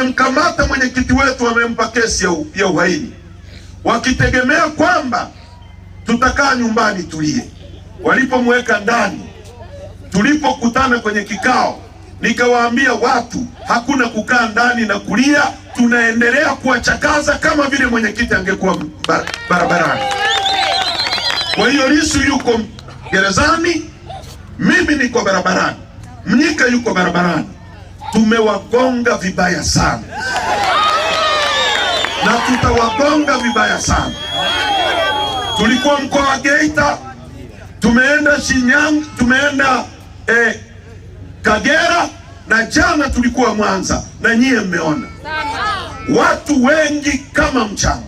wamemkamata mwenyekiti wetu, wamempa kesi ya uhaini wakitegemea kwamba tutakaa nyumbani tulie. Walipomweka ndani, tulipokutana kwenye kikao, nikawaambia watu, hakuna kukaa ndani na kulia, tunaendelea kuwachakaza kama vile mwenyekiti angekuwa bar barabarani. Kwa hiyo Lissu yuko gerezani, mimi niko barabarani, Mnyika yuko barabarani tumewagonga vibaya sana na tutawagonga vibaya sana. Tulikuwa mkoa wa Geita, tumeenda Shinyanga, tumeenda eh, Kagera na jana tulikuwa Mwanza na nyiye mmeona watu wengi kama mchanga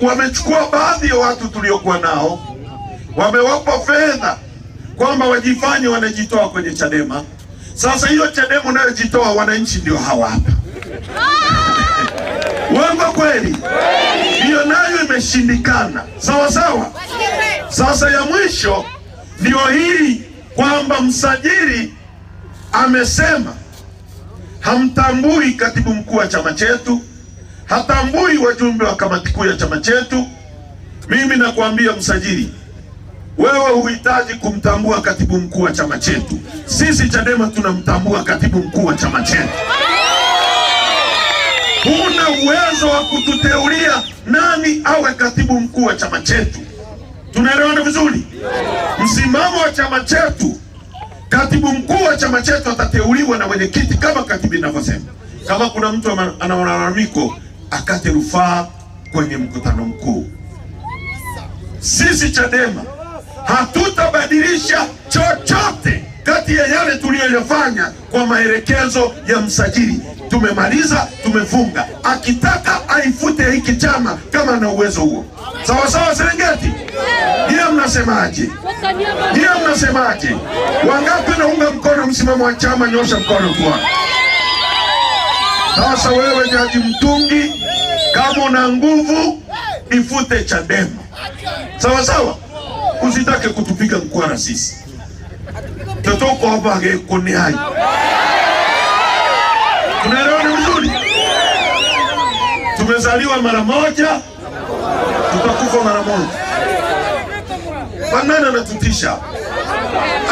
wamechukua baadhi ya watu tuliokuwa nao, wamewapa fedha kwamba wajifanye wanajitoa kwenye Chadema. Sasa hiyo Chadema unayojitoa wananchi ndio hawa hapa. wengo ah! kweli? Hiyo nayo imeshindikana, sawa sawa. Sasa ya mwisho ndio hii kwamba msajili amesema hamtambui katibu mkuu wa chama chetu, hatambui wajumbe wa kamati kuu ya chama chetu. Mimi nakwambia msajili wewe huhitaji kumtambua katibu mkuu wa chama chetu. Sisi Chadema tunamtambua katibu mkuu wa chama chetu. Huna uwezo wa kututeulia nani awe katibu mkuu wa chama chetu. Tunaelewana vizuri? Msimamo wa chama chetu, katibu mkuu wa chama chetu atateuliwa na mwenyekiti kama katibu inavyosema. Kama kuna mtu ana malalamiko, akate rufaa kwenye mkutano mkuu. Sisi Chadema hatutabadilisha chochote kati ya yale tuliyoyafanya kwa maelekezo ya msajili. Tumemaliza, tumefunga. Akitaka aifute hiki chama kama ana uwezo huo, sawa sawa. Serengeti ndiye mnasemaje? Ndiye mnasemaje? Wangapi naunga mkono msimamo wa chama? Nyosha mkono kwa. Sasa wewe Jaji Mtungi, kama una nguvu ifute Chadema, sawa sawa usitake kutupiga mkwara sisi, tatoko hapa kone hai. Tunaelewa ni tumezaliwa mara moja, tutakufa mara moja. Banana anatutisha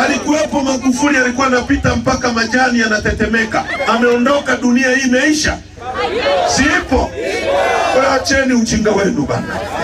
alikuwepo Magufuli, alikuwa anapita mpaka majani yanatetemeka. Ameondoka, dunia hii imeisha, sipo. Acheni uchinga wenu bana.